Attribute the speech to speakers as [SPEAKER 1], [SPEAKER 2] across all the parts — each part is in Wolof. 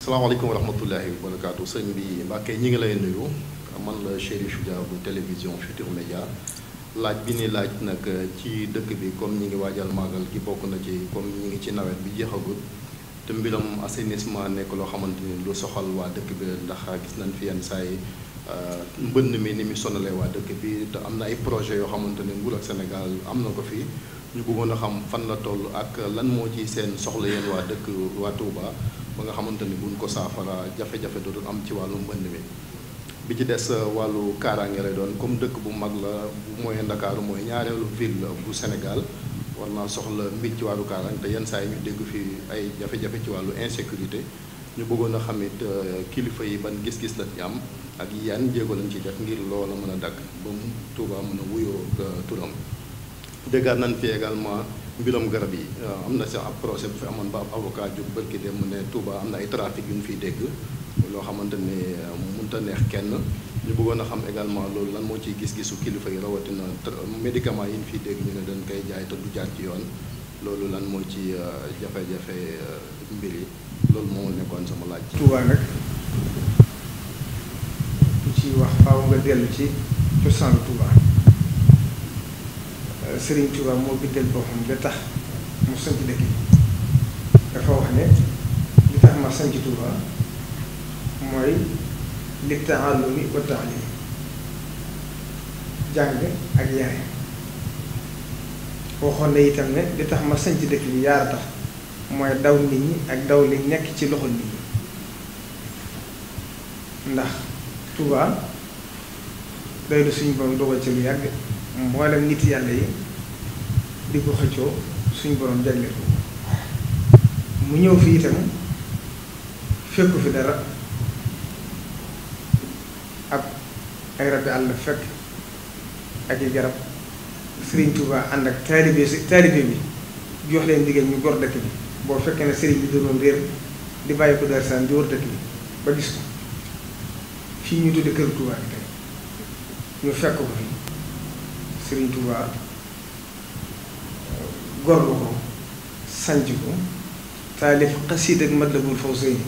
[SPEAKER 1] salaamaaleykum wa rahmatullahi wa barakaatu sëñ bi Mbacke ñi ngi lay nuyu man la Chérif Dia bu télévision Futurs Médias laaj bi ni laaj nag ci dëkk bi comme ñi ngi waajal màggal gi bokk na ci comme ñi ngi ci nawet bi jeexagul te mbiram assainissement nekk loo xamante ni lu soxal waa dëkk bi ndax gis nañ fi yenn saa yi euh, mbënn mi ni mu sonalee waa dëkk bi te am na ay projet yoo xamante ne nguur ak Sénégal am na ko fi ñu bëggoon a xam fan la toll ak lan moo ci seen soxla yéen waa dëkk waa ba nga xamante ni buñ ko saafara jafe-jafe dootul am ci wàllu mbënd mi bi ci des euh, wàllu kaaraange lay doon comme dëkk bu mag la bu mooy Ndakaaru mooy ñaareelu ville bu Sénégal war naa soxla mbir ci wàllu kaaraange te yenn saa ñu dégg fii ay jafe-jafe ci wàllu insécurité ñu bëggoon a xamit euh, kilifa yi ban gis-gis la am ak yan jéego lañ ci def ngir loola mën a dakk ba mu Touba mën a wuyoo euh, turam déggaat nañ fi également mbiram garab yi euh, am na si ab procès bu fi amoon ba ab avocat jóg bërki dem mu ne Touba am na ay trafic yu ñu fiy dégg loo xamante ne euh, mënut a neex kenn ñu bëggoon a xam également loolu lan moo ciy gis-gisu kilifa yi rawatina médicament yi ñu fiy dégg ñu ne dañ koy jaay te du jaar ci yoon loolu lan moo ci euh, jafe-jafe mbir yi loolu moo nekkoon sama laaj. Touba nag
[SPEAKER 2] ku ci wax faaw nga dellu ci cosaanu Touba. Serigne Touba moo bindal boppam ba tax mu sanc dëkk bi dafa wax ne li tax ma sanc Touba mooy li taallumi wa taalim jàng ak yare waxoon na itam ne li tax ma sanc dëkk bi yaar tax mooy daw nit ñi ak daw li nekk ci loxo nit ñi ndax Touba doy lu suñu borom dogal ci lu yàgg mboolem nit yàlla yi di ko xëccoo suñu borom jagleel mu ñëw fi itam fekku fi dara ab ay rabi àll fekk ak i garab Serigne Touba ànd ak taalibe si taalibe bi jox leen ndigal ñu gor dëkk bi boo fekkee ne Serigne bi doon réer di bàyyi ko Darou di wër dëkk bi ba gis ko fii ñu tudde kër Touba bi tey ñu fekk ko fi Serigne Touba. gorlu ko sanc ko taalif xasiid ak Matlabul Fawzayni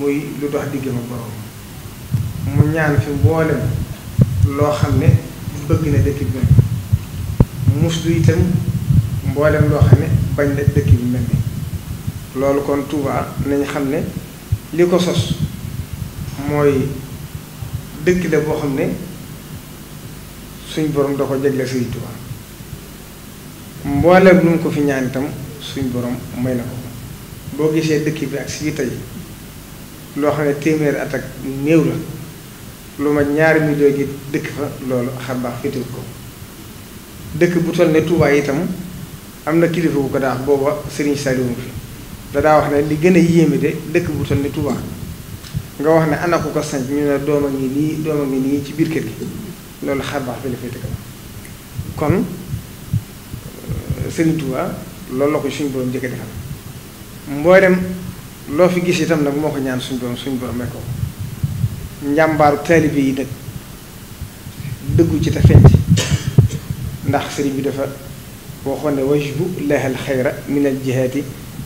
[SPEAKER 2] muy lu dox digg ma borom mu ñaan fi mboolem loo xam ne bëgg na dëkk bi mel loo xam ne bañ na ni loolu kon Touba nañ xam ne li ko sos mooy dëkk la boo xam ne suñ borom da ko jagle Sëriñ Touba mbooleem lu mu ko fi ñaan itam suñ boroom may na ko boo gisee dëkk bi ak si tey loo xam ne téeméer at ak néew la lu ma ñaari million gi dëkk fa loolu xar féetal ko dëkk bu toll ne Touba itam am na kilifa ko daax booba Serigne Saliou dadaa wax ne li gën a yéeme de dëkk bu toll ne Touba nga wax ne ana ko ko sanc ñu ne dooma ngi nii dooma ngi nii ci biir kër gi loolu xar baax la féete kon Sëriñ Tuubaa loolu la ko suñu borom njëkk a defal mboolem loo fi gis itam nag moo ko ñaan suñu borom suñu borom njàmbaaru taalibe yi nag dëggu ci te feeñ ndax sëriñ bi dafa waxoon ne wajbu lahal xayra min al jihaati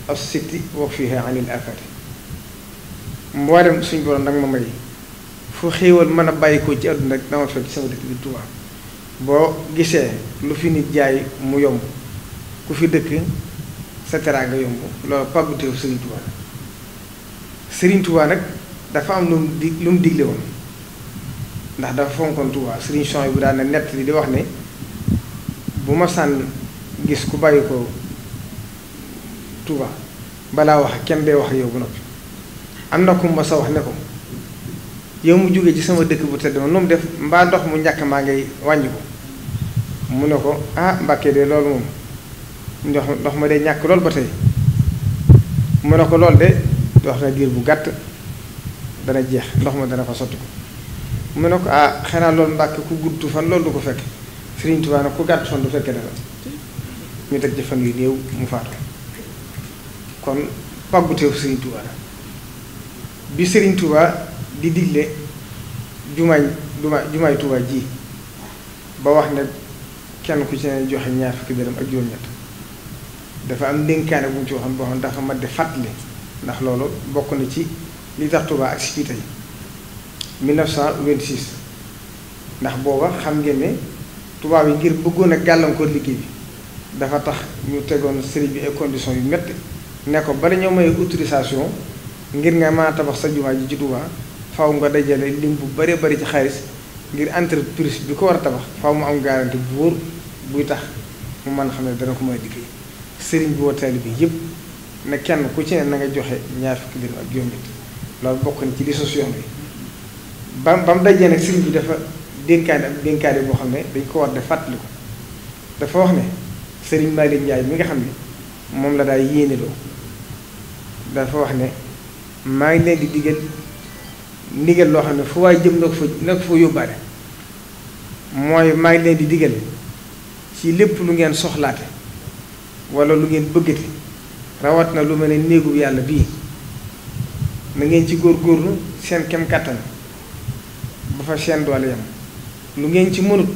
[SPEAKER 2] as sitti wa fiha anil afati mboolem suñu borom nag ma may fu xéewal mën a bàyyi ko ci àdduna rek dama fekk ci sama dëkk bi Tuubaa boo gisee lu fi nit jaay mu yomb ku fi dëkk sa teraanga yomb loolu pàgguteewu Serigne Touba Serigne Touba nag dafa am lu mu di digle woon ndax dafa fonkoon Touba Serigne Chant bu daan nett li di wax ne bu ma sànn gis ku bàyyi ko Touba balaa wax kenn day wax yow bu noppi am na ku sa wax ne ko yow mu jógee ci sama dëkk bu tedd ma nu def mbaa ndox mu njàkk maa ngay wàññi ko mu ne ko ah Mbàkke de loolu moom. ndox ndox ma day ñàkk lool ba tey mu ne ko lool de wax na giir bu gàtt dana jeex ndox ma dana fa sotti ko mu ne ko ah xanaa loolu mbàkk ku gudd fan loolu du ko fekk Sëriñ Tuubaa nag ku gàtt fan du fekkee dara ñu teg ci fan yu néew mu faatu kon pàgguteefu Sëriñ Tuubaa la bi Sëriñ Tuubaa di digle jumaay jumaay Tuubaa ji ba wax ne kenn ku ci ne joxe ñaar fukki dërëm ak juróom-ñett dafa am ndénkaane bu mu ci waxoon boo xam dafa ma di fàttali ndax loolu bokk na ci li tax Touba ak si fii tey 1926 ndax booba xam ngeen ne tubaab yi ngir bëggoon a gàllankoor liggéey bi dafa tax ñu tegoon sëriñ bi ay conditions yu métti ne ko bala ñoo may autorisation ngir nga maa a tabax sa jumaa ji ci Touba faw nga dajale lim bu bëree bëri ci xaalis ngir entreprise bi ko war a tabax faw mu am garantie bu wóor buy tax mu mën xam ne dana ko mën a liggéey. sëriñ bi woo taalibe bi yëpp ne kenn ku ci ne na nga joxe ñaar fukki dërëm ak juróom ñett loolu ci li sos yoon bi ba ba mu dajee nag sëriñ bi dafa dénkaane ak dénkaane boo xam ne dañ ko war de fàttali dafa wax ne sëriñ Malick Ndiaye mi nga xam ne moom la daay yéeneloo dafa wax ne maa ngi leen di digal ndigal loo xam ne fu waay jëm na ko fa na mooy maa ngi leen di digal ci lépp lu ngeen soxlaate wala lu ngeen bëggati rawat na lu mel ne néegu yàlla bii na ngeen ci góorgóorlu seen kem kàttan ba fa seen doole yam lu ngeen ci mënut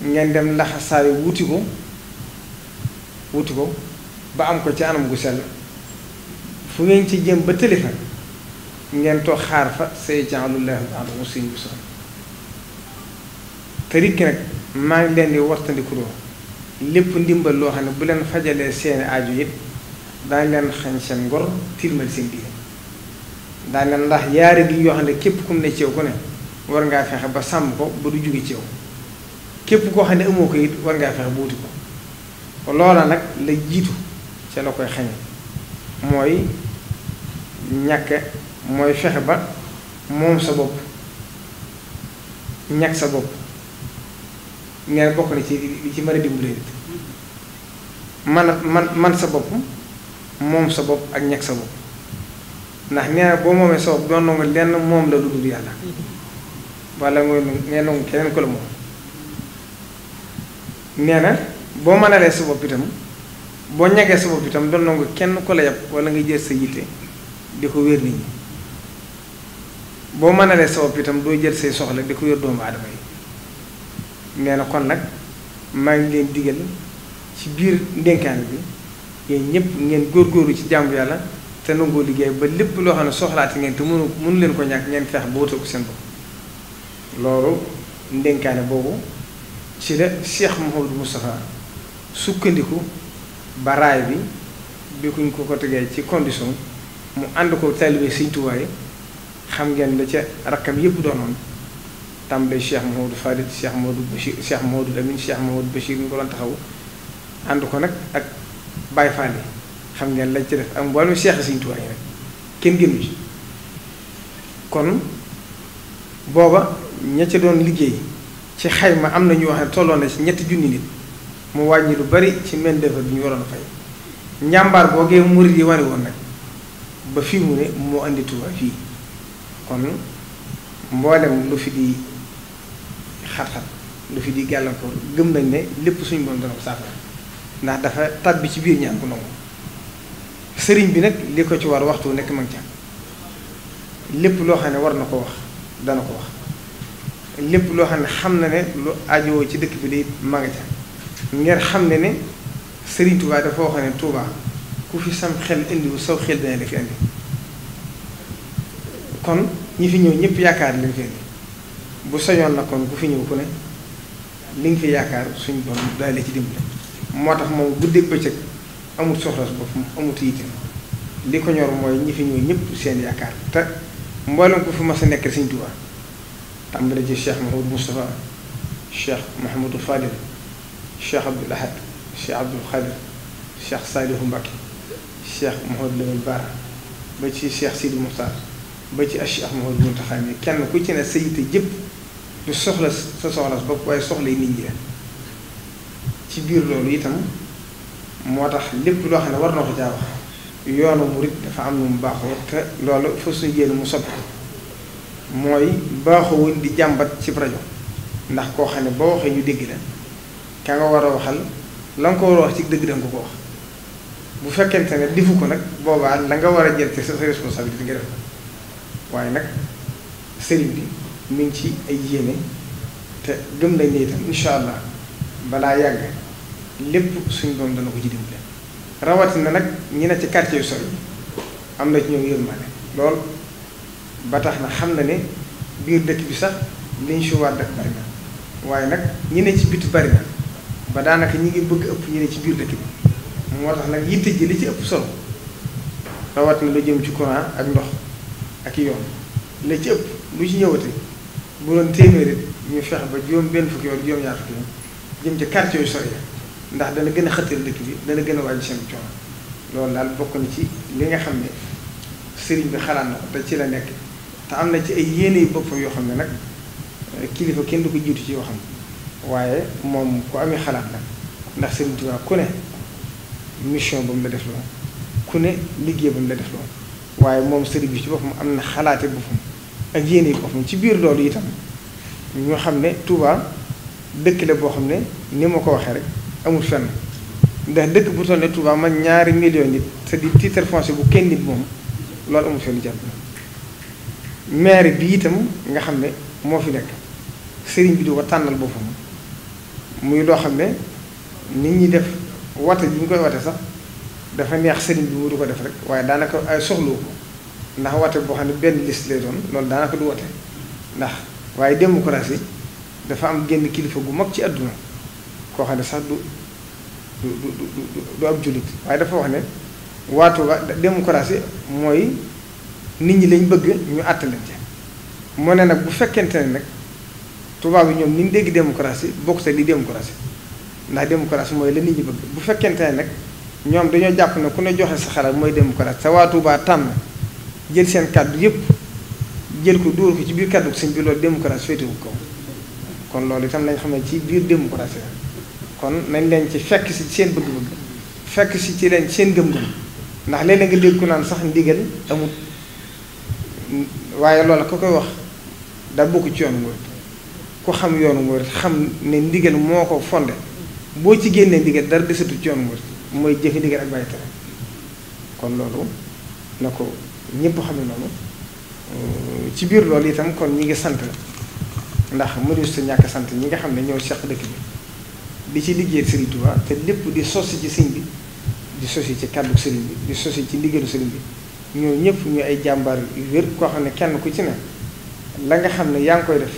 [SPEAKER 2] ngeen dem ndax laxasaayu wuti ko wuti ko ba am ko ci anam gu sell fu ngeen ci jëm ba tëli fa ngeen toog xaar fa say jaalullahu ala usin yusra te rikki nag maa ngi leen di wartandiku wartandikuloo lépp ndimbal loo xam ne bu leen fajalee seeni aajo it daañ leen xañ seen ngor tiirmal seen biir daañ leen ndax yaari gi yoo xam ne képp kum ne ceew ku ne war ngaa fexe ba sàmm ko ba du jóge ceew képp koo xam ne amoo ko it war ngaa fexe ba wuti ko loola nag la jiitu ca la koy xañ mooy ñàkk mooy fexe ba moom sa bopp ñàkk sa bopp ñaar bokk na ci li ci mën a dimbali nit man man man sa bopp moom sa bopp ak ñàkk sa bopp ndax nee boo moomee sa bopp doon nangu lenn moom la lu dul yàlla wala nga nee nangu keneen ko la moom nee na boo mënalee sa bopp itam boo ñagee sa bopp itam doon nangu kenn ko la yàpp wala nga jël sa yitte di ko wér nit ñi boo mënalee sa bopp itam doo jël say soxla di ko wér doomu aadama yi nee na kon nag maa ngi leen digal ci biir ndénkaan bi yéen ñëpp ngeen góor góorgóorlu ci jàmm yàlla te nangoo liggéey ba lépp loo xam ne soxlaati ngeen te mënu mënu leen ko ñàkk ngeen feex ba wutal ko seen bopp loolu ndénkaane boobu ci la Cheikh Mouhamadou Moustapha sukkandiku ba raay bi bi kuñ ko ko tegee ci condition mu ànd ko taalibe Sëñ Tuubaa xam ngeen la ca rakkam yëpp doonoon tàmbalee Cheikh Mahodou Farid Cheikh Mahodou Bachir Cheikh Mahodou Amine Cheikh Mahodou Bachir ñu ko doon taxaw ànd ko nag ak Baye Fall yi xam ngeen lañ ci def am wàllu Cheikh Sëriñ Tuubaa yi nag kenn génnu ci kon booba ña ca doon liggéey ci xayma am na ñu wax ne tolloo na ci ñetti junni nit mu wàññi lu bari ci main d'œuvre bi ñu waroon a fay njàmbaar boogee murid yi wane woon nag ba fii mu ne moo andi Tuubaa fii kon mboolem lu fi di. xat-xat lu fi di gàllankoor gëm nañ ne lépp suñu borom dana ko saafara ndax dafa tàbbi ci biir ñaan ku sëriñ bi nag li ko ci war waxtu nekk ma ngi lépp loo xam ne war na ko wax dana ko wax lépp loo xam ne xam na ne lu ajowoo ci dëkk bi day ma nga ngeen xam ne ne sëriñ Touba dafa wax ne Touba ku fi sam xel indiwu saw xel dana la fi indi kon ñi fi ñëw ñëpp yaakaar lañ fi indi bu sañoon na kon bu fi ñëw ku ne li nga fi yaakaar suñ bon daal la ci dimbali moo tax moom guddeeg bëccëg amut soxlas boppam amut yitte li ko ñor mooy ñi fi ñëw ñëpp seen yaakaar te mboolem ko fi mas a nekk Sëñ Tuubaa tàmbale ci Cheikh Mahamadou Moustapha Cheikh Mahamadou Fadil Cheikh Abdoul Ahad Cheikh Abdoul Khadir Cheikh Salihu Mbacké Cheikh Mahamadou Lamine Bara ba ci Cheikh Sidi Moustapha ba ci Cheikh Mahamadou Mountakha kenn ku ci ne sa yitte jëpp du soxla sa soxla bopp waaye soxla yi nit ñi la ci biir loolu itam moo tax lépp loo xam ne war na ko caa wax yoonu murit dafa am nu mu baaxoo te loolu fa suñ yéene mu soppi mooy baaxoowuñ di jàmbat ci rajo ndax koo xam ne boo waxee ñu dégg la nga war a waxal la ko war dëgg danga ko wax bu fekkente ne difu ko nag boobaa la nga war a jël ci sa responsabilité nga def waaye nag sëriñ bi. mi ngi ci ay yéene te gëm nañ ne itam allah balaa yàgg lépp suñ doom dana ko ci dimbale na nag ñi ne ci quartier yu sori am na ci ñoom yërmande lool ba tax na xam na ne biir dëkk bi sax liñ si war def bari waaye nag ñi ne ci biti bari ba daanaka ñi ngi bëgg ëpp ñi ne ci biir dëkk bi moo tax nag yitte ji li ci ëpp solo na lu jëm ci courant ak ndox ak yoon la ci ëpp lu ci ñëwate bu doon téeméer it ñu fex ba juróom benn fukki wala juróom ñaar fukki jëm ci quartier yu sori ndax dana gën a xëttal dëkk bi dana gën a wàññi seen coono loolu daal bokk na ci li nga xam ne sëriñ bi xalaat na te ci la nekk te am na ci ay yéene yu boppam yoo xam ne nag eh, kilifa kenn du ko jiitu ci yoo xam waaye moom ku amee xalaat nag ndax sëriñ Tuubaa ku ne mission ba mu la def lool ku ne liggéey ba mu la def lool waaye moom sëriñ bi ci am na xalaate ak yéene boppam ci biir loolu itam ñu xam ne Touba dëkk la boo xam ne ni ma ko waxee rek amul fenn ndax dëkk bu toll ne Touba man ñaari million nit c'est-à-dire titre bu kenn nit moom loolu amul fenn jàpp na maire bi itam nga xam ne moo fi nekk sëriñ bi di ko tànnal boppam muy loo xam ne nit ñi def wate bi ñu koy wate sax dafa neex sëriñ bi mu du ko def rek waaye daanaka ay soxlu ndax woote boo xam ne benn liste lay doon loolu daanaka du woote ndax waaye démocratie dafa am génn kilifa gu mag ci àdduna koo xam ne sax du du du du ab jullit waaye dafa wax ne waatu wa démocratie mooy nit ñi lañ bëgg ñu àttaleen ci mu ne nag bu fekkente ne nag tubaab yi ñoom ni ñu dégg démocratie bokk te di démocratie ndax démocratie mooy la nit ñi bu fekkente ne nag ñoom dañoo jàpp ne ku ne joxe sa xalaat mooy démocratie sa waa Tuubaa tànn jël seen kàddu yëpp jël ko dóor ko ci biir kàddu sëñ bi loolu démocratie féetewu ko kon loolu itam lañ xam ci biir démocratie la kon nañ leen ci fekk si seen bëgg-bëgg fekk si ci leen seen gëm ndax léeg-léeg nga dégg ku sax ndigal amut waaye loolu ku koy wax da bokk ci yoonu murit ku xam yoonu murit xam ne ndigal moo ko fondé boo ci génnee ndigal dara desatu ci yoonu mooy jëfe ndigal ak bàyyi tere kon loolu na ko ñëpp xam ne noonu euh, ci biir loolu itam kon ñi ngi sant ndax mënees sa ñàkk sant ñi nga xam ne ñoo seq dëkk bi di ci liggéey Serigne Touba te lépp di sosi ci sëñ bi di sosi ci kàddu sëriñ bi di sosi ci ndigalu sëriñ bi ñoo ñëpp ñu ay jàmbaar yu wér koo xam ne kenn ku ci ne la nga xam ne yaa ngi koy def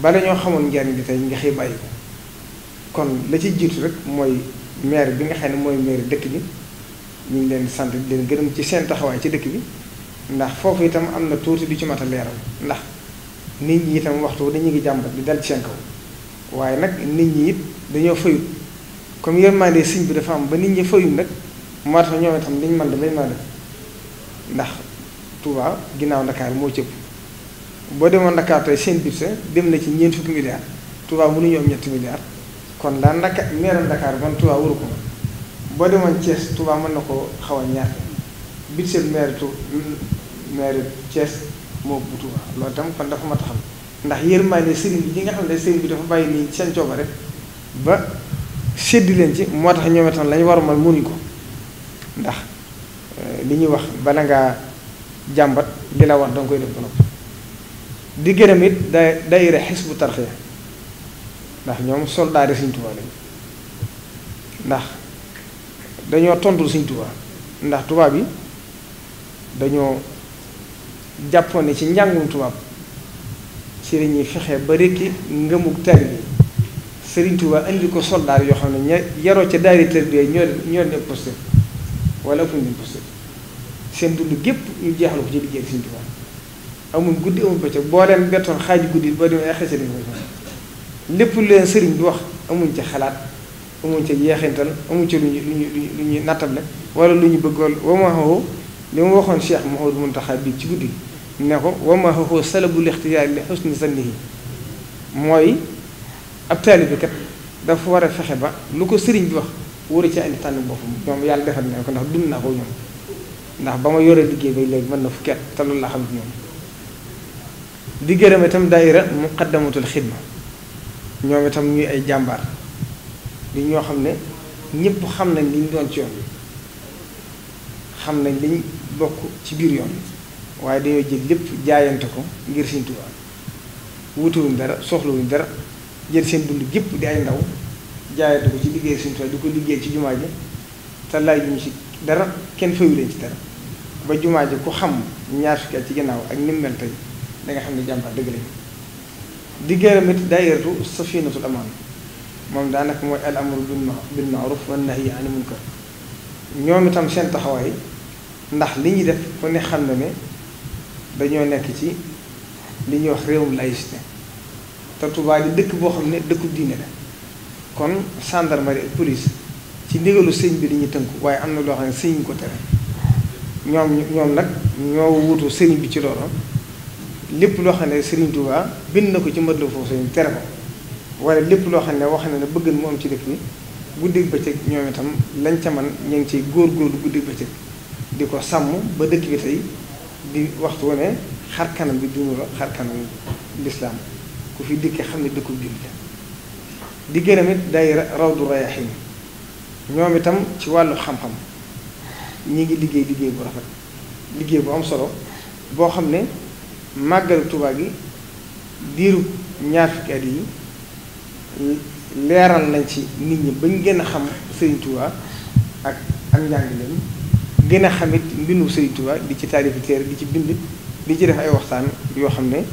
[SPEAKER 2] bala ñoo xamoon njariñ bi tey nga xëy bàyyi ko kon la ci jiitu rek mooy maire bi nga xam ne mooy maire dëkk bi ñu ngi leen di sant di leen gërëm ci seen taxawaay ci dëkk bi ndax foofu itam am na tuuti du ci mat a leeral ndax nit ñi itam waxtu dañu ngi jàmbat bi dal ci seen kaw waaye nag nit ñi it dañoo fayut comme yërmande sëñ bi dafa am ba nit ñi fayut nag moo tax ñoom tam liñ mën da lañ mën a ndax Touba ginnaaw Ndakaar moo cëpp boo demoon Ndakaar tey seen budget dem na ci ñeent fukki milliards Touba mënuñu am ñetti milliards kon daan Ndakaar meeram Ndakaar ban Touba waru ko boo demoon Thiès Touba mën na koo xaw a ñàkk budget maire tu maire Thiès moo bu Touba loolu tam kon dafa ma taxam ndax yërmande sëriñ bi ñi nga xam ne sëriñ bi dafa bàyyi nii seen cooba rek ba séddi leen ci moo tax ñoom itam lañu war a mën mënuñ ko ndax euh, li ñuy wax bala ngaa jàmbat li la war danga koy def ba di gërëm it day daayira Hizbut Tarqiyyah ndax ñoom soldaari Sëriñ Tuubaa lañu ndax dañoo tontul siñ Tuubaa ndax tubaab yi dañoo jàppoon ne ci njàngum tubaab ci lañuy fexe ba rekki ngëmug taalibe Sëriñ Tuubaa indi ko soldaar yoo xam ne ña yaroo ca daari tarbiyee ñoo ñoo leen posté wala ëpp ñu seen dund gépp ñu jeexal ko ci liggéey Sëriñ Tuubaa amul guddi amul bëccëg boo leen bettoon xaaj guddi ba demee ay xasee dañu ko lépp lu leen sëriñ bi wax amuñ ci xalaat amuñ ca jeexintal amuñ ci lu ñu lu ñu lu ñuy nattable wala lu ñu bëggoon wamaaxoo li mu waxoon Cheikh Mouhamadou Mountakha bii ci guddi ne ko wamaaxoo salabul ixtiyaar li xusni zannihi mooy ab taalibe kat dafa war a fexe ba lu ko sëriñ bi wax wóor ci andi tànn boppam ñoom yàlla defal na ko ndax dund naa ko ñoom ndax ba ma yore liggéey bay léegi mën na fukki at te loolu laa xam ñoom di gërëm itam daayira muqaddamatul xidma ñoom itam ñuy ay jàmbaar. di ñoo xam ne ñëpp xam nañ li doon ci yoon xam nañ liñ bokk ci biir yoon bi waaye dañoo jël lépp jaayante ko ngir Sëriñ Tuubaa dara soxlawuñ dara jël seen dund gépp di ay ndaw jaayante ko ci liggéey Sëriñ Tuubaa di ko liggéey ci jumaa ji te laaj ñu dara kenn fayu leen ci dara ba jumaa ji ku xam ñaar fukki ci ginnaaw ak ni mu mel tey da nga xam ne jàmbaar dëgg lañu di gërëm it daayiratu Safinatul Amaan moom daanaka mooy al amru bil maaruf wan nahyi ani munkar ñoom itam seen taxawaay ndax li ñu def ku ne xam na ne dañoo nekk ci li ñuy wax réewum laïcité te Tuubaa di dëkk boo xam ne dëkku diine la kon gendarmerie ak police ci ndigalu sëñ bi li ñuy tënku waaye am na loo xam ne sëñ ko tere ñoom ñoom nag ñoo wutu sëriñ bi ci loolu lépp loo xam ne sëriñ Tuubaa bind na ko ci mbënd foofu sëñ tere ko. wala lépp loo xam ne wax na ne bëgg mu am ci dëkk bi guddig bëccëg ñoom itam lañ ca man ñu ngi ciy góorgóorlu guddig bëccëg di ko sàmm ba dëkk bi tey di waxtu wu ne xar kanam bi dund la xar lislaam ku fi dikkee xam ne dëkku jullit la di gërëm it day rawdu rayaxiin ñoom itam ci wàllu xam-xam ñi ngi liggéey liggéey bu rafet liggéey bu am solo boo xam ne màggalu tubaab yi diiru ñaar fukki at yi leeral nañ ci nit ñi bañ gën a xam Serigne Touba ak ak njàng leen gën a xamit mbindu Serigne Touba di ci taalifi téere di ci bind di ci def ay waxtaan yoo xam ne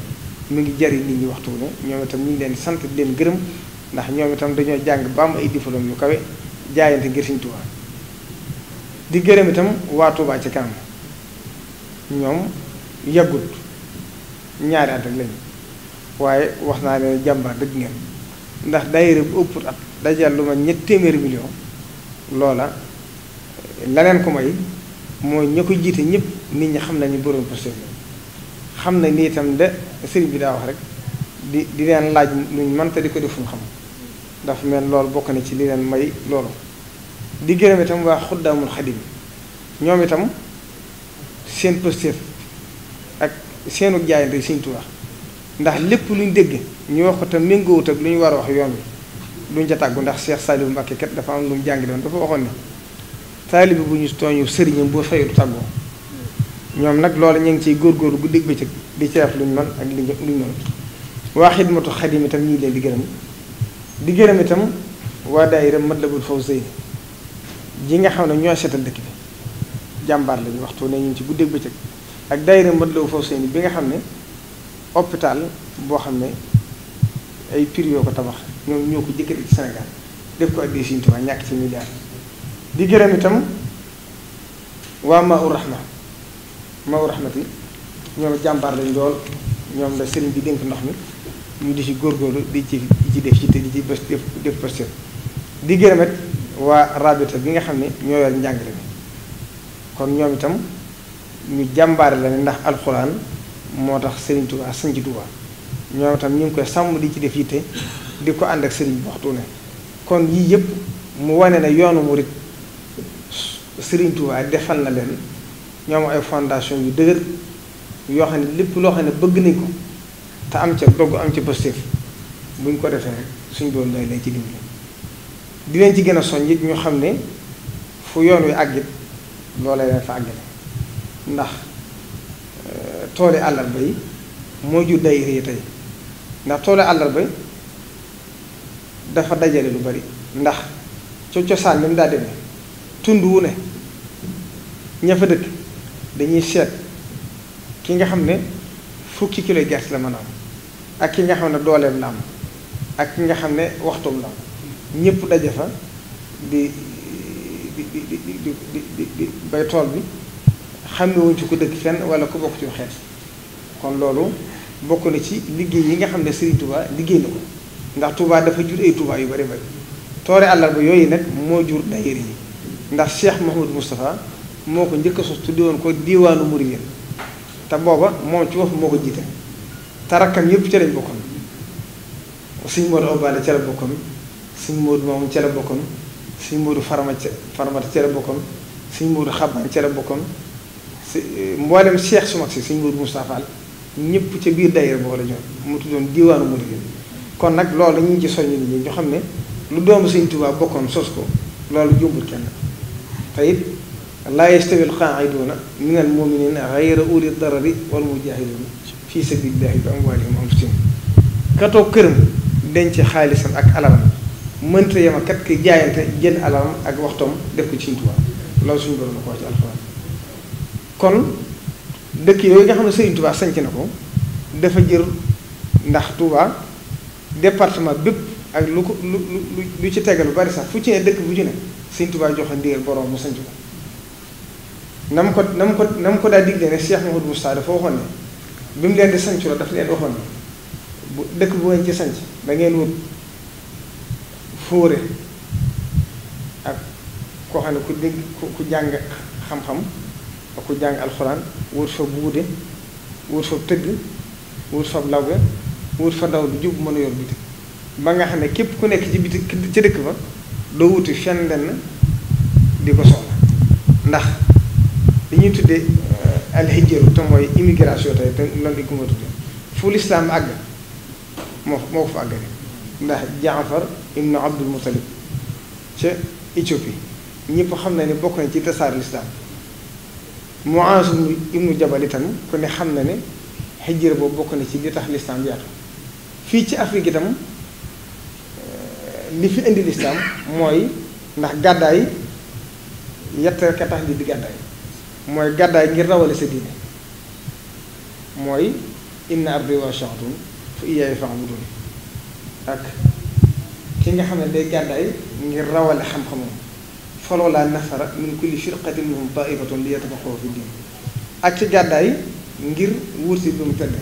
[SPEAKER 2] mu ngi jariñ nit ñi waxtu ne ñoom itam ñu ngi leen sant di leen gërëm ndax ñoom itam dañoo jàng ba am ay diplôme yu kawe jaayante ngir Serigne Touba di gërëm itam waa Touba ci kanam ñoom yàggut ñaari at ak waaye wax naa ne jàmbaar dëgg ngeen ndax daayira bu ëpp at dajal lu ma ñetti téeméeri million loola leneen ko may mooy ña ko jiite ñëpp nit ñi xam nañu borom posté xam na ni itam de sëriñ bi daa wax rek di di leen laaj luñ mën te di ko defuñ xam dafa mel loolu bokk na ci li leen may loolu. di gërëm itam waa xuddaamul xadim ñoom itam seen posté ak seenu jaayante Sëriñ Tuubaa ndax lépp luñ dégg ñu wax ko te méngoowut ak lu ñu war a wax yoon wi duñ ca tàggu ndax Cheikh Saliou Mbacké kat dafa am lu mu jàngi doon dafa waxoon ne taalibi bu ñu tooñu sëriñam boo fayu du tàggoo ñoom nag loolu ñu ngi ciy góor guddi ak bëccëg di ci luñ mën ak luñ luñ mën waa xidmatu xadim itam ñu ngi leen di gërëm di gërëm itam waa daayira Matlabul Fawzayni ji nga xam ne ñoo seetal dëkk bi jàmbaar lañu waxtoo ne ñu ngi ci guddi ak bëccëg ak daayira Matlabul Fawzayni bi nga xam ne hôpital boo xam ne ay pir ko tabax ñoom ñoo ko jëkkati ci Sénégal def ko addee Sëriñ Tuubaa ñàkk ci milliard di gërëm itam waa Maa-u Rahma Maa-u Rahmati ñoom jàmbaar lañ lool ñoom la sëriñ bi dénk ndox mi ñu di ci góorgóorlu di ci di ci def ci te di ci bés def def posture di gërëm waa rabita bi nga xam ne ñoo yor njàngale mi kon ñoom itam ñu jàmbaare la ndax alxuraan moo tax Serigne Touba sëñ ci ñoom tam ñu ngi koy sàmm di ci def yitte di ko ànd ak Serigne bi waxtu ne kon yii yëpp mu wane na yoonu murit Serigne Touba defal na leen ñoom ay fondation yu dëgër yoo xam ne lépp loo xam ne bëgg nañ ko te am ca dogg am ca positif buñ ko defee suñ doon lay lay ci dimbali di leen ci gën a soññ it ñu xam ne fu yoonu wi àggit loolee leen fa àggale ndax. toole àllarba yi moo jur daayira yi ndax toole àllarba yi dafa dajale lu bari ndax co cosaan ni daa deme tund wu ne ña fa dëkk dañuy seet ki nga xam ne fukki kilo gerte la mën a ak ki nga xam ne dooleem la ak ki nga xam ne waxtoom la am ñépp daje fa di di di di di di bay tool bi xam xàmmewuñ ci ku dëkk fenn wala ku bokk ci xeet kon loolu bokk ci liggéey yi nga xam ne Serigne Touba liggéey na ko ndax tubaa dafa jur ay Touba yu bari bari toore àllarba yooyu nag moo jur daayira yi ndax Cheikh Mouhamadou Moustapha moo ko njëkk a sos tudde woon ko diwaanu Mouride te booba moom ci wax moo ko jiite te rakkam yëpp cere bokkoon suñ Modou Obale ca la bokkoon suñ Modou Mamoun ca la bokkoon suñ Modou Farma ca Farmata bokkoon suñ Modou Xaban ca la bokkoon mboolem seex su mag si sëñ Mourou Moustapha Fall ñëpp ca biir daayira boo la jox mu tuddoon diwaanu Mouride kon nag loolu ñu ci soññ ñi ñu xam ne lu doomu sëñ Tuubaa bokkoon sos ko loolu jumbul kenn te it laa yastawil qaa'iduuna minal mu'miniina ghayra ulii darari wal mujaahiduuna fii sabiilillaahi bi amwaalihim wa anfusihim katoo këram denc xaalisam ak alalam mënta yem kat ki jaayante jël alalam ak waxtoom def ko ci Sëñ Tuubaa loolu suñu borom la ko wax ci alxuraan kon dëkk yooyu nga xam ne Serigne Touba sanc na ko dafa jër ndax Touba département bépp ak lu ko lu lu lu ci tegal lu bari sax fu ci ne dëkk bu ci ne Serigne Touba joxe ndigal borom mu sanc ko na mu ko na mu ko na mu ko daa digle ne Cheikh Mouhamadou dafa waxoon ne bi mu leen di sanc la dafa leen waxoon ne bu dëkk bu ngeen ci sanc da ngeen wut fóore ak koo xam ne ku dégg ku jàng xam-xam ak ku jàng alxuraan wut fa buude wut fa tëgg wut fa lawbe wut fa ndaw lu jub mën a yor ba nga xam ne képp ku nekk ci bitig ci dëkk ba doo wuti fenn lenn di ko soxla ndax li ñuy tuddee euh, alxijaru te mooy immigration tey te loolu it ku ma tuddee fu lislaam àgg moo moo ko fa àggale ndax Jaafar ibnu Abdul Muttalib ca Éthiopie ñëpp xam na ne bokk na ci tasaar lislaam Muaaz ibnu Jabal itam ku xam na ni xijjir boobu bokk na ci li tax lislaam yaatu fii ci Afrique itam eh, li fi indi lislaam mooy ndax gàddaay yett ka tax li di gàddaay mooy gàddaay ngir rawale sa diine mooy inna ardi waasi'atun fa iyyaaya fa'budun ak ki nga xam ne day gàddaay ngir rawale xam-xamam faloola nafara min kulli firqatin minhum taifatun li yatafaqqahu fi din ak ci gàddaay ngir wuur si bi mu tëdd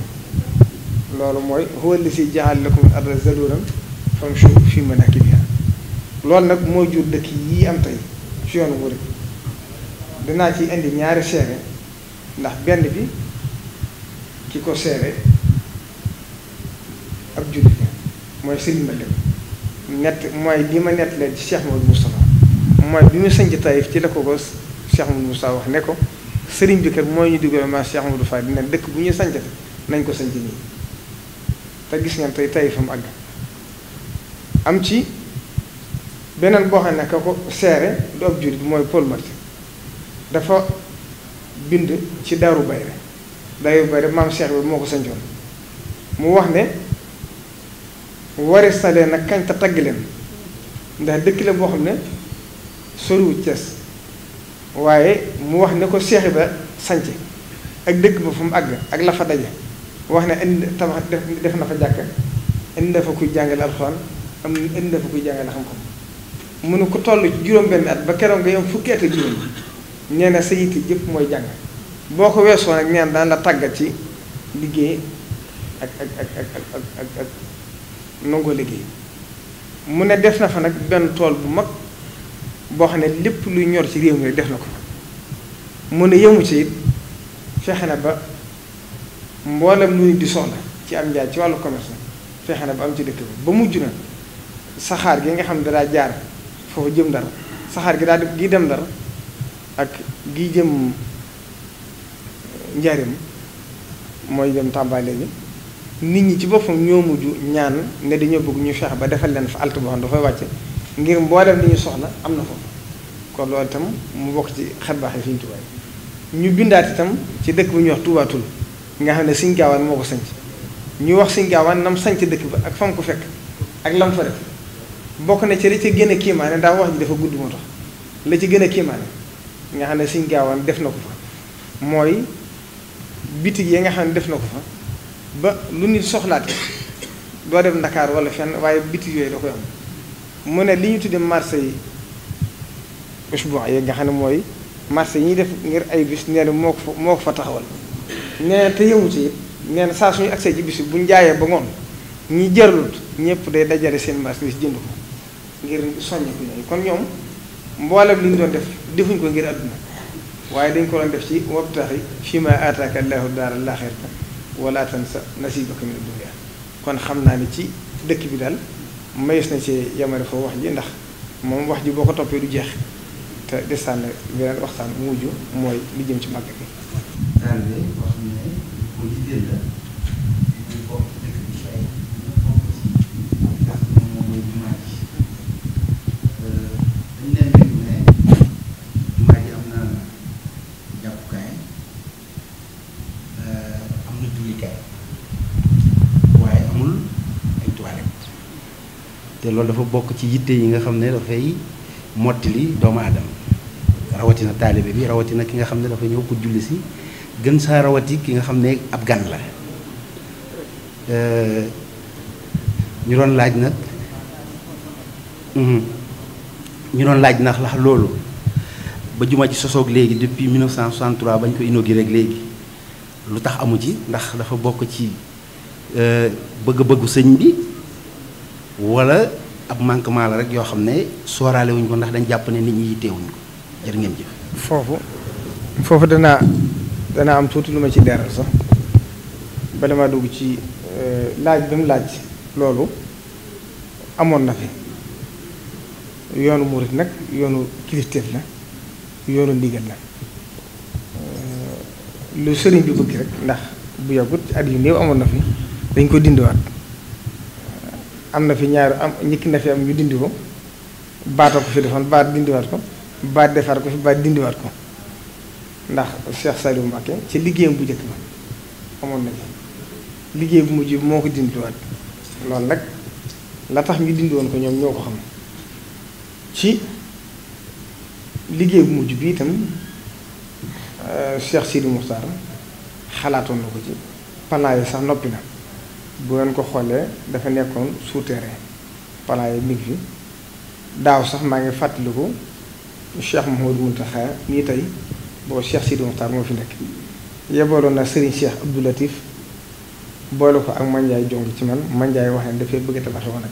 [SPEAKER 2] loolu mooy huwa allazi ja'ala lakum al-arda zalulan famshu fi manakibiha loolu nag mooy jur dëkk yi am tey ci yoonu murid dinaa ci indi ñaari seere ndax benn bi ki ko seere ab jullit mooy sëriñ ma lépp nett mooy li ma nett leen ci Cheikh Mawlid Moustapha mooy bi mu sanc Taïf ci la ko ko Cheikh Amadou Moussa wax ne ko sëriñ bi kat moo ñu dugal ma Cheikh du Fall dina dëkk bu ñuy sanc nañ ko sanc nii te gis ngeen tey Taïfam àgg am ci beneen boo xam ne ka ko seere du ab bi mooy Paul Marty dafa bind ci Daaru Bayre Daaru Bayre maam Cheikh bi moo ko sancoon mu wax ne waris na leen ak kañ te tagg leen ndax dëkk la boo xam ne soriwul Cees waaye mu wax ne ko Seex ba sanc ak dëkk ba fu mu àgg ak la fa daje wax ne indi tabax def na fa jàkka indi na fa kuy jàngale alxuraan am indi na xam-xam mu ne ko toll ci juróom-benn at ba keroog nga yom fukki at ak juróom nee na sa yitte jëpp mooy jàng boo ko weesoo nag neen daan la tàggat ci liggéey ak ak ak ak ak ak nangoo liggéey mu ne def na fa nag benn tool bu mag boo xam ne lépp luy ñor ci réew mi def na ko mu a yemu ci it fexe na ba mboolem lu nit di soxla ci am njaay ci wàllu commerce fexe na ba am ci dëkk bi ba mujj na saxaar gi nga xam ne daa jaar foofu jëm Ndar saxaar gi daa gi dem Ndar ak gi jëm njaarim mooy jëm Tamba léegi nit ñi ci boppam ñoo mujj ñaan ne dañoo bëgg ñu fexe ba defal leen fa alt boo xam dafay wàcce ngir mboolem li ñu soxla am na fa kon loolu itam mu bokk ci xebaax yi Sëriñ Tuubaa ñu bindaat itam ci dëkk bu ñuy wax Tuubaa nga xam ne Sëriñ Gaawaan moo ko sanc ñu wax Sëriñ Gaawaan nam sanc dëkk ba ak fan ko fekk ak lam fa def bokk na ci li ci gën a kiimaane ndax wax ji dafa gudd moo tax la ci gën a kiimaane nga xam ne Sëriñ Gaawaan def na ko fa mooy bitig yi nga xam ne def na ko fa ba lu nit soxlaate doo dem Ndakaar wala fenn waaye bitig yooyu da koy am mu ne li ñu tuddee marché yi usbu'a yi nga xam ne mooy marché yi ñuy def ngir ay bis nee na moo ko fa moo ko fa taxawal nee na te yëngu ci nee na saa suñu accès ci bis bu ñu jaayee ba ngoon ñi jërlut ñëpp day dajale seen marchandise jënd ko ngir soññ ko ñoom mboolem li ñu doon def defuñ ko ngir waaye dañ ko doon def ci wabtaxi fi ma aataaka allahu daara laaxirata wala tansa kon xam naa ne ci dëkk bi daal mayees na ci yamale foofu wax ji ndax moom wax ji boo ko toppee du jeex te desaan na waxtaan bu mujj mooy li ci màgg bi
[SPEAKER 1] daal loolu dafa bokk ci yitte yi nga xam ne dafay li doomu aadama rawatina taalibe bi rawatina ki nga xam ne dafa ñëw ko julli si gën sa rawati ki nga xam ne ab gan la euh, ñu doon laaj nag mhm, ñu doon laaj ndax lax loolu ba jumaa ci sosoog léegi depuis 1963 bañ ko inauguré rek léegi lu tax amu ci ndax dafa bokk ci euh, bëgg-bëggu sëñ bi wala ab manquement la rek yoo xam ne sooraale ko ndax dañ jàpp ne nit ñi yitteewuñ ko jërë ngeen jëf. foofu foofu danaa danaa am tuuti lu ma
[SPEAKER 2] ci leeral sax bala maa dugg ci euh, laaj bi mu laaj loolu amoon na fi yoonu murit nag yoonu kilifteef la yoonu ndigal la euh, lu sëriñ bi bëgg rek ndax bu yàggut at yu néew amoon na fi dañ ko dindiwaat. am na fi ñaar am ñikki na fi am ñu dindi ko baatoo ko fi defoon baat dindiwaat ko baat defaat ko fi baat dindiwaat ko ndax Cheikh Saliou Mbacké ci liggéeyam bu njëkk ba amoon na ci liggéey bu mujj moo ko dindiwaat loolu nag la tax ñu dindi woon ko ñoom ñoo ko xam ci liggéey bu mujj bi itam euh, Cheikh Sidi Moustapha xalaatoon na ko ci panaa sax noppi na bu ngeen ko xoolee dafa nekkoon souterrain palaa yi mi ngi daaw sax maa ngi fàttaliku Cheikh Mouhamadou Mountakha nii tey boo Cheikh Sidi Mokhtar moo fi nekk yebaloon na Serigne Cheikh Abdou ko ak Mandiaye jong ci man Mandiaye wax ne dafay bëgg a tabaxe woon ak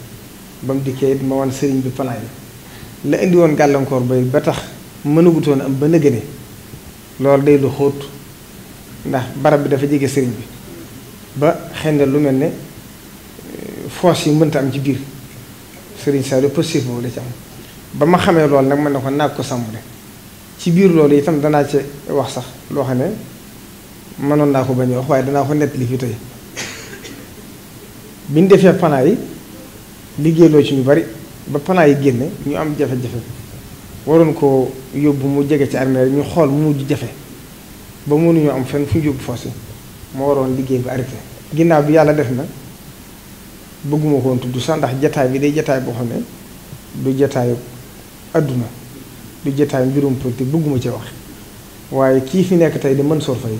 [SPEAKER 2] ba mu bi palaa yi la indi woon gàllankoor bay ba tax mënagutoon am ba nëgëne loolu day lu xóot ndax barab bi dafa jege sëriñ bi xëy na lu mel ne euh, force yi mënta am ci biir Serigne Saliou positif boobu la ci am ba ma xamee loolu nag man ne ko naag ko sàmm ci biir loolu yi itam danaa ci wax sax loo xam ne mënoon naa ko bañ wax waaye danaa ko nettali fii tey bi ñu defee panaa yi liggéeyloo ci ñu bari ba panaa yi génne ñu am jafe-jafe waroon ko yóbbu mu jege ci armée ñu xool mu mujj jafe ba mënuñoo am fenn fu ñu yóbbu force yi moo waroon liggéey bi arrêté. ginnaaw bi yàlla def na bëgguma ko woon tudd sax ndax jataay bi day jataay boo xam ne du jataayu àdduna du jataayu mbirum politique bëgguma ci wax waaye kii fi nekk tey di Mansour Faye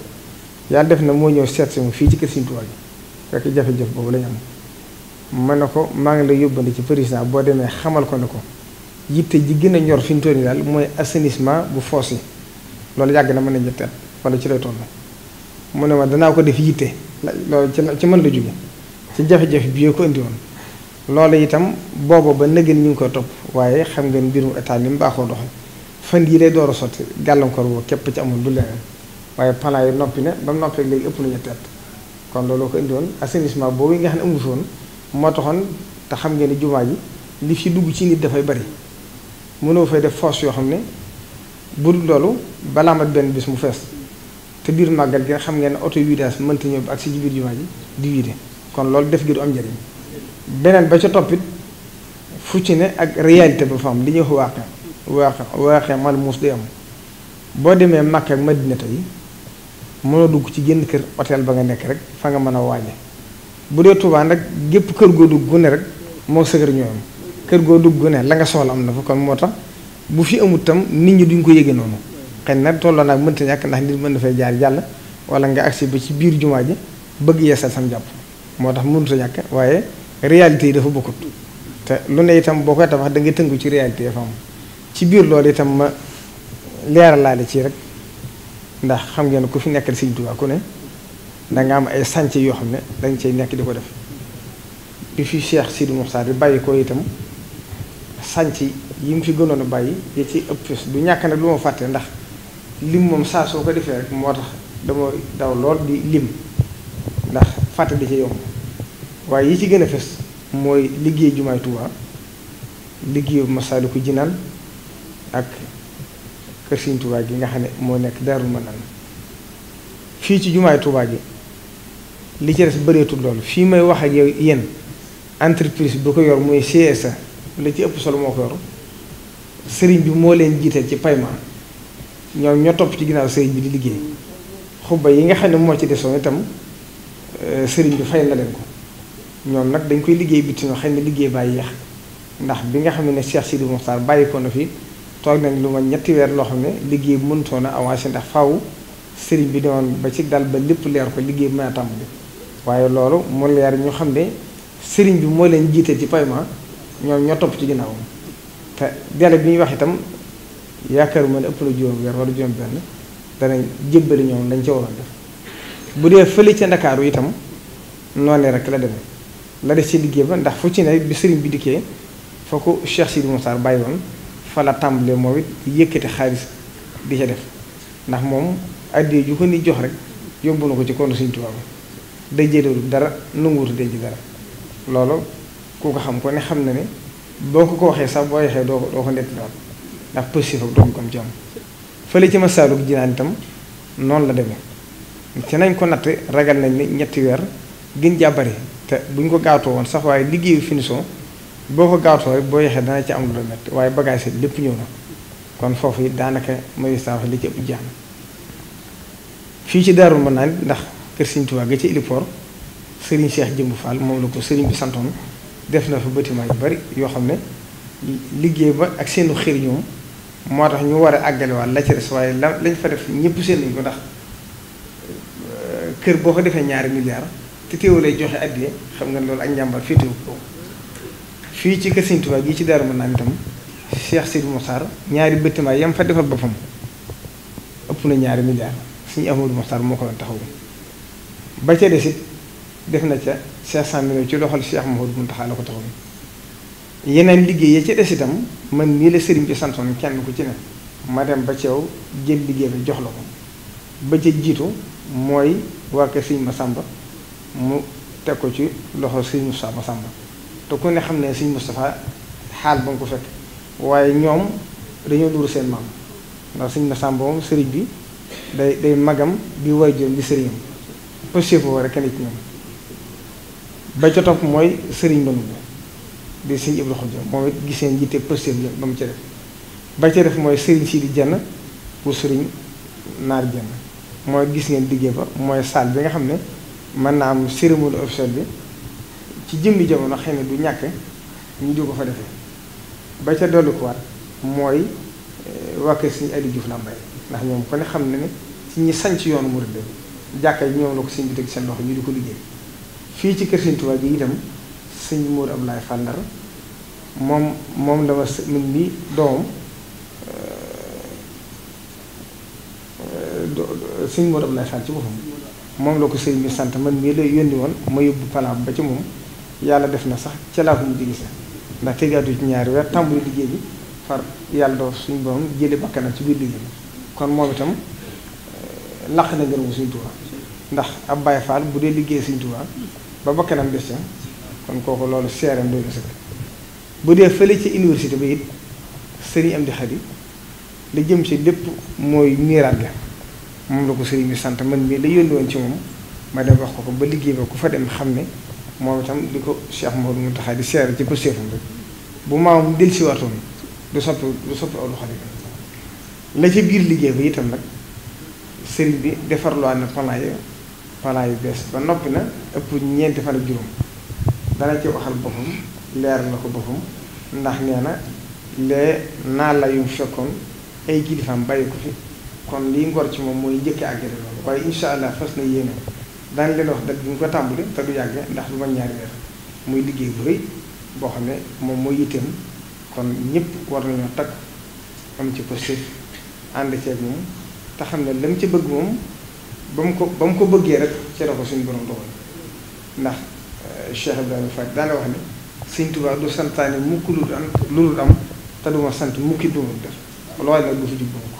[SPEAKER 2] yàlla def na moo ñëw seet si mu fii ci kër Sëriñ Tuubaa gi fekk jafe-jafe boobu lañu am mën ne ko maa ngi lay yóbbandi ci président boo demee xamal ko ne ko yitte ji gën a ñor fi ñu toll daal mooy assainissement bu foos yi loolu yàgg na mën na ñetteel wala ci lay toll mu ne ma loolu ci ci mën la jóge ci jafe-jafe bi ko indi woon loolu itam booba ba nëgën ñu ngi koy topp waaye xam ngeen mbirum état li mu baaxoo doxal fan yii lay door a sotti gàllankoor boobu képp ci amoon du leneen waaye plan yi noppi na ba mu noppee léegi ëpp na ñetti at kon looloo ko indi woon assainissement boobu yi nga xam ne amul woon moo taxoon te xam nga ni jumaa ji li fi dugg ci nit dafay bari mënoo fay def force yoo xam ne bu dul loolu balaa mat benn bis mu fees. te biir màggal gi nga xam ngeen ne oto vidange mënta ñëw ak si biir jumaa ji di wiide kon loolu def gi du am njariñ beneen ba ca toppit fu ci ne ak réalité ba fa am li ñuy wax waaqe waaqe waaqe am boo demee Makka ak Madina tey mënoo dugg ci génn kër hôtel ba nga nekk rek fa nga mën a waañe bu dee Tuubaa nag gépp kër goo dugg gu ne rek moo sëgër ñoo am kër goo dugg gu ne la nga soxla am na fa kon moo tax bu fi amut tam nit ñi duñ ko yëge noonu xëy na tolloo naag mënta ñàkk ndax nit mën na fay jaar jàll wala nga agsi ba ci biir jumaa ji bëgg yeesal sam jàpp moo tax mënta ñàkk waaye réalité yi dafa bokkut te lu ne itam boo koy tabax da nga ci réalité fa ci biir loolu itam ma leeralaale ci rek ndax xam ngeen ku fi nekkal Sëriñ Tuubaa ku ne danga am ay sànce yoo xam ne dañ cay nekk di ko def bi fi Cheikh Sidi Moxtaar bi bàyyi ko itam sànc yi mu fi gënoon a bàyyi ya ci ëpp du ñàkk nag lu ma fàtte ndax lim moom saa soo ko defee rek moo tax dama daw lool di lim ndax fàtte di ci yomb waaye yi ci gën a fes mooy liggéey jumaay Tuubaa liggéeyu Masaalikul Jinaan ak kër Tuubaa gi nga xam ne moo nekk Daarul Manaan fii ci jumaay Tuubaa gi li ci des bëreetul loolu fii may wax ak yow yéen entreprise bu ko yor muy sa la ci ëpp solo moo ko yor sëriñ bi moo leen jiital ci paiement. ñoom ñoo topp ci ginnaaw sëriñ bi di liggéey xubba yi nga xam ne moo ci desoon itam euh, sëriñ bi fayal na leen ko ñoom nag dañ koy liggéey bitti ñoo xam liggéey bàyyi yéex ndax bi nga xam ne Cheikh Sidi Mokhtar bàyyi ko na fi toog nañ lu ma ñetti weer loo xam ne liggéey bi mënutoon a avancé ndax faaw sëriñ bi demoon ba ci dal ba lépp leer ko liggéey bi mën a tàmbali waaye loolu mu leer ñu xam ne sëriñ bi moo leen jiitee ci paiement ñoom ñoo topp ci ginnaawam te délai bi ñuy wax itam yaakaar ma ne ëpp na juróom weer wala juróom benn danañ jébbali ñoom dañ ca waroon def bu dee fële ca ndakaaru itam noonu rek la demee la def ci liggéey ba ndax fu ci ne bi sëriñ bi dikkee foo ko Cheikh Sidi Moussa bàyyi woon fa la tàmbalee moom it yëkkati xaalis di ca def ndax moom addee ju ko ni jox rek yóbbu na ko ci kon Sëriñ Tuubaa day jëlewul dara nanguwutu denc dara loolu ku ko xam ko ne xam na ne boo ko ko waxee sax boo waxee doo ko doo ko nettaliwaat ndax positif ak doggam ci am fële ci ma saalug jinaan itam noonu la deme ci nañ ko natt ragal nañ ni ñetti weer gën jàppare te buñ ko gaawtoo woon sax waaye liggéeyu finition boo ko gaatoo boo yeexee dana ci am lu la waaye bagage yi lépp ñëw na kon foofu it daanaka magistrat li ci ëpp jaan fii ci daarul mën naa ndax kër Serigne Touba ga ci héliport Serigne Cheikh Jëmb Fall moom la ko Serigne bi santoon def na fa bâtiment yu bari yoo xam ne liggéey ba ak seenu xër ñoom moo tax ñu war a àggaliwaat la ca soo waaye la lañ fa def ñëpp seen nañ ko ndax kër boo ko defee ñaari milliards te teewulee joxe addiye xam nga loolu ak njàmbar féetewu ko fii ci kër Sëñ Tuubaa gii ci Daaru naan itam Cheikh Sidi Mokhtar ñaari bâtiment yam fa defal boppam ëpp na ñaari milliards suñu Amadou Mokhtar moo ko doon taxawu ba ca des it def na ca 500 millions ci loxol Cheikh Mouhamadou Mountakha la ko taxawu. yeneen liggéey ya ci des itam man nii la sëriñ bi santoon kenn ku ci ne ma dem ba ceew jël liggéey bi jox la ko ba ca jiitu mooy waa kër ma Massamba mu teg ko ci loxo sëriñ Moustapha Massamba te ku ne xam ne sëriñ ma xaal ba nga ko fekk ñoom dañoo duuru seen maam ndax sëriñ Massamba moom sëriñ bi day day magam bi waajuram di sëriñam possible war a kenn ci ñoom ba ca mooy sëriñ Manoumbe di sëñ Ibra Xujja moom it gis ngeen yitte pëstéef yi ba mu ca def ba ca def mooy sëriñ Sidi Jenn bu sëriñ Naar Jenn mooy gis ngeen liggéey ba mooy salle bi nga xam ne mën naa am cérémonie officielle bi ci jëmmi jamono xëy na du ñàkk ñu di ko fa defee ba ca dolli ko waat mooy eh, wàkkee sëñ Aliou Diouf Lambaye ndax ñoom ko ne xam ne ci ñi sanc yoonu murid jàkka yi ñoom la ko sëñ bi teg seen loxo ñu di ko liggéey fii ci kër sëñ Tuubaa gi itam sëñ Mour Ablaye Fàndar moom moom dama së mun nii doomam euh, sëñ Mour Ablaye Fall ci boppam moom la ko sëñ bi sant man mi lay yónni woon ma yóbbu palaam ba ci moom yàlla def na sax ca laa ko mu digg sax ndax tegaatu ci ñaari weer tàmbali liggéey bi far yàlla doo suñu borom jële bakkanam ci biir liggéey bi kon moom itam laq na ngërëmu suñu Tuubaa ndax ab Baay Faal bu dee liggéey suñu Tuubaa ba bakkanam des ca kon kooku loolu seeram doy na sëkk bu dee fële ci université ba it sëriñ am di xadi la jëm ci lépp mooy miiraat ga moom la ko sëriñ bi sant man mii la yónni woon ci moom ma dem wax ko ko ba liggéey ba ku fa dem xam ne moom itam di ko Cheikh Mawdo Mountakha di seer ci ko seefam rek bu maamam del si waatoon du soppi du soppi aw loxo la ci biir liggéey bi itam nag sëriñ bi defar lu na plan yi plan yu bees ba noppi na ëpp ñeenti fan juróom dana ci waxal boppam leer na ko boppam ndax nee na lee naa la yum fekkoon ay kilifaam bàyyi ko fi kon liy ngor ci moom mooy njëkk àggale loolu waaye incha allah fas na yéene daan leen wax dëgg bu mu ko tàmbali te du yàgge ndax lu ma ñaar weer muy liggéey bu rëy boo xam ne moom mooy yitteem kon ñëpp war nañoo takk am ci positif ànd ceeg moom te xam ne lam ci bëgg moom ba mu ko ba mu ko bëggee rek ci ko suñu borom dogal ndax Eh, Cheikh Ibrahima Fall daana wax ne Sëñ Tuubaa du santaane mukk lu dul am te du sant mukki du ma def loolu nag du fi jubbu